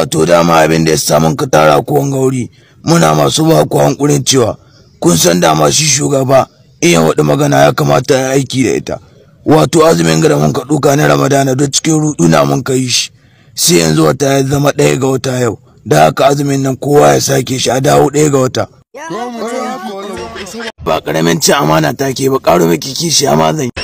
wato dama abin da ya samu ka tara ku wanga wuri muna masu ba ku hankulin cewa kun san dama shi shugaba iya waɗa magana ya kamata ya aiki da ita wato azumin gada mun ka duka na ramadana don cikin na mun kai shi sai yanzu wata ya zama ɗaya ga wata yau da haka azumin nan kowa ya sake shi a dawo daya ga wata ba karamin ci amana take ba ƙaro miki kishi amazan